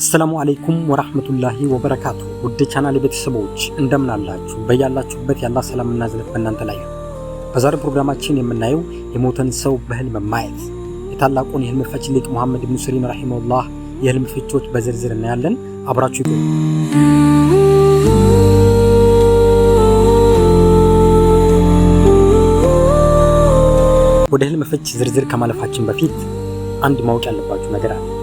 አሰላሙ አለይኩም ወራህመቱላሂ ወበረካቱ። ውድ ቻናል ቤተሰቦች እንደምን አላችሁ? በያላችሁበት ያላ ሰላምና እዝነት በእናንተ ላይ ነው። በዛሬው ፕሮግራማችን የምናየው የሞተን ሰው በህልም ማየት የታላቁን የህልም ፈቺ ሊቅ ሙሐመድ ኢብኑ ሲሪን ረሂመሁላህ የህልም ፍቾች በዝርዝር እናያለን። አብራችሁ ይቆዩ። ወደ ህልም ፍች ዝርዝር ከማለፋችን በፊት አንድ ማወቅ ያለባችሁ ነገር አለ።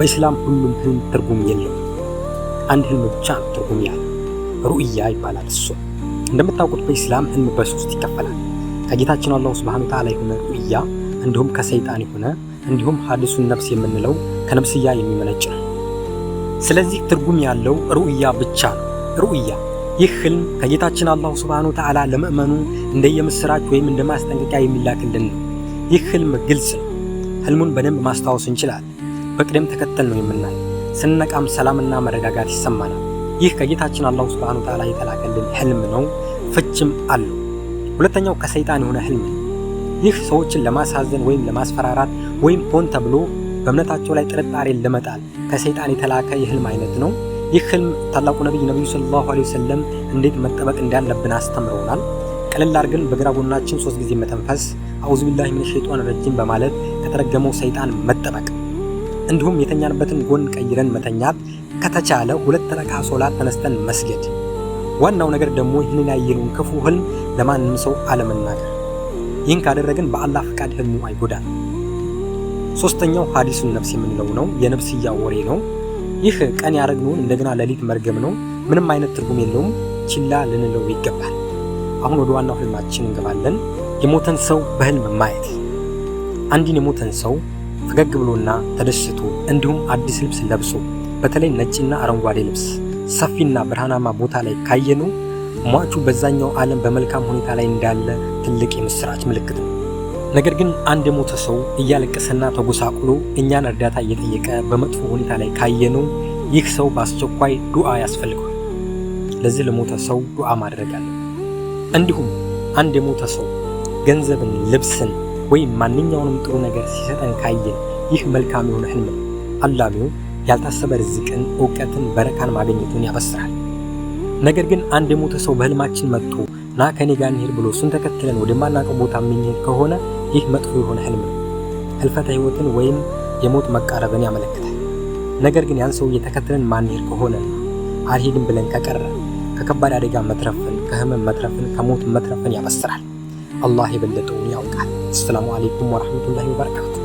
በኢስላም ሁሉም ህልም ትርጉም የለው። አንድ ህልም ብቻ ነው ትርጉም ያለው። ሩእያ ይባላል እሱ። እንደምታውቁት በእስላም ህልም በሶስት ይከፈላል። ከጌታችን አላሁ ስብሐነ ወተዓላ የሆነ ሩእያ፣ እንዲሁም ከሰይጣን የሆነ እንዲሁም ሀዲሱን ነፍስ የምንለው ከነፍስያ የሚመነጭ ነው። ስለዚህ ትርጉም ያለው ሩእያ ብቻ ነው። ሩእያ ይህ ህልም ከጌታችን አላሁ ስብሐነ ወተዓላ ለምእመኑ እንደ የምስራች ወይም እንደ ማስጠንቀቂያ የሚላክልን ነው። ይህ ህልም ግልጽ ነው። ህልሙን በደንብ ማስታወስ እንችላለን። በቅደም ተከተል ነው የምናይ። ስንነቃም ሰላምና መረጋጋት ይሰማናል። ይህ ከጌታችን አላሁ ሱብሓነሁ ወተዓላ የተላከልን ህልም ነው። ፍችም አለው። ሁለተኛው ከሰይጣን የሆነ ህልም ነው። ይህ ሰዎችን ለማሳዘን ወይም ለማስፈራራት ወይም ሆን ተብሎ በእምነታቸው ላይ ጥርጣሬን ለመጣል ከሰይጣን የተላከ የህልም አይነት ነው። ይህ ህልም ታላቁ ነቢይ ነቢዩ ሰለላሁ ዐለይሂ ወሰለም እንዴት መጠበቅ እንዳለብን አስተምረውናል። ቀለል አድርገን በግራ ጎናችን ሶስት ጊዜ መተንፈስ፣ አዑዙ ቢላሂ ሚነ ሸይጧን ረጂም በማለት ከተረገመው ሰይጣን መጠበቅ እንዲሁም የተኛንበትን ጎን ቀይረን መተኛት፣ ከተቻለ ሁለት ረካ ሶላት ተነስተን መስገድ። ዋናው ነገር ደግሞ ይህንን ያየነውን ክፉ ህልም ለማንም ሰው አለመናገር። ይህን ካደረግን በአላህ ፈቃድ ህልሙ አይጎዳል። ሶስተኛው ሀዲሱን ነፍስ የምንለው ነው። የነፍስያ ወሬ ነው። ይህ ቀን ያደረግነውን እንደገና ሌሊት መርገም ነው። ምንም አይነት ትርጉም የለውም። ችላ ልንለው ይገባል። አሁን ወደ ዋናው ህልማችን እንገባለን። የሞተን ሰው በህልም ማየት አንድን የሞተን ሰው ፈገግ ብሎና ተደስቶ እንዲሁም አዲስ ልብስ ለብሶ በተለይ ነጭና አረንጓዴ ልብስ ሰፊና ብርሃናማ ቦታ ላይ ካየነው ሟቹ በዛኛው ዓለም በመልካም ሁኔታ ላይ እንዳለ ትልቅ የምስራች ምልክት ነው። ነገር ግን አንድ የሞተ ሰው እያለቀሰና ተጎሳቁሎ እኛን እርዳታ እየጠየቀ በመጥፎ ሁኔታ ላይ ካየነው ይህ ሰው በአስቸኳይ ዱዓ ያስፈልገዋል። ለዚህ ለሞተ ሰው ዱዓ ማድረግ አለ። እንዲሁም አንድ የሞተ ሰው ገንዘብን፣ ልብስን ወይም ማንኛውንም ጥሩ ነገር ሲሰጠን ካየን ይህ መልካም የሆነ ህልም ነው። አላሚው ያልታሰበ ርዝቅን፣ እውቀትን፣ በረካን ማግኘቱን ያበስራል። ነገር ግን አንድ የሞተ ሰው በህልማችን መጥቶ ና ከኔ ጋር እንሄድ ብሎ እሱን ተከትለን ወደማናውቀው ቦታ የምንሄድ ከሆነ ይህ መጥፎ የሆነ ህልም ነው። ህልፈተ ህይወትን ወይም የሞት መቃረብን ያመለክታል። ነገር ግን ያን ሰው እየተከትለን ማንሄድ ከሆነ አልሄድም ብለን ከቀረ ከከባድ አደጋ መትረፍን፣ ከህመም መትረፍን፣ ከሞት መትረፍን ያበስራል። الله يبلغكم ويعوضكم السلام عليكم ورحمه الله وبركاته